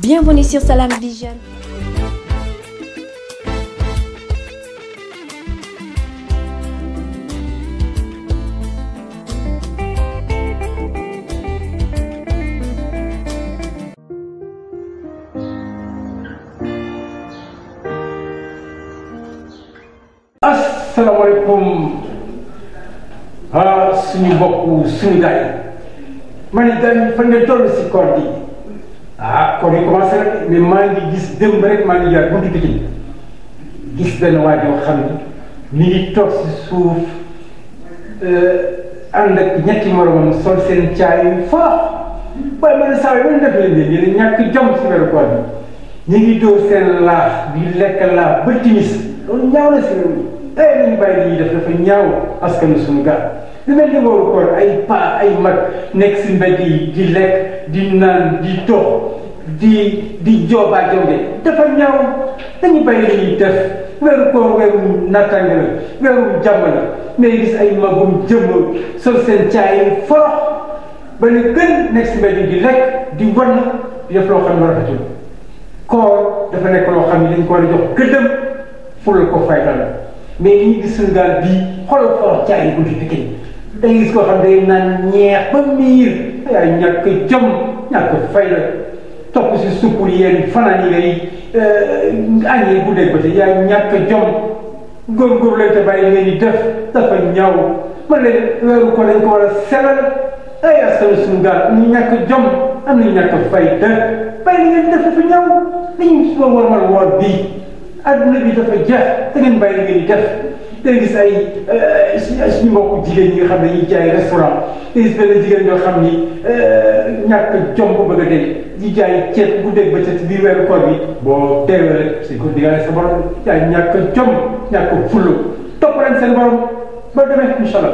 Bienvenue sur Salam Vision. asalaamaaleykum ah suñu mbokku suñu gars yi man it daal fan nga toll si koor gi. aa ah, kon ñu commencé maa ngi gis démb rek maa ngi jaar buntu Pikine gis benn waa joo xam ni mi ngi toog si suuf euh, ànd ak sol seen caay yu faax waaye man saa yi man def leen ne yéen ñàkk jom si weeru koor bi ñu ngi dóor seen laax di lekk timis loolu ñaaw na mi tey eh, nañu bàyyi li def dafa ñaaw askanu suñu li mel ni wooru koor ay pa ay mag nekk si mbedd di lekk di naan di tox di di joobaa jonge dafa ñaaw dañu bàyyi li def weeru koor weeru nattange la weeru jàmm la mais gis ay magum jëmm sol seen caay forox ba ñu gën nekk si di lekk di wan def loo xam ne dafa nekk loo xam ne dañ ko jox gëddëm ful ko fayda la mais ñi gis Sénégal bii xoolal xool caay bu ñu fekkee da ngay gis koo xam day naan ñeex ba miir ay ñàkk jom ñàkk fay la topp si supp yéen fanaan yi ngay euh, añee bu dee ko te yaay ñàkk jom góorgóorlu lañ te bàyyi ngeen di def dafa ñaaw man de weeru ko dañ ko war a selal ay askan suñu gaal ñu ñàkk jom am na ñàkk fay dëkk bàyyi ngeen def dafa ñaaw dañuy war a war bii. aduna bi dafa jeex te ngeen bàyyi ngeen di def te gis euh, ay suñu mbokku jigéen ñi nga xam ne ñuy jaay restaurant te gis benn jigéen ñoo xam ni euh, ñàkk jom ko bëgg dee di jaay ceeb bu dégg ba ca biir weeru koor bi boo teewee rek c'est que digale sa borom jaay ñàkk jom ñàkk fulla topp leen seen ba demee incha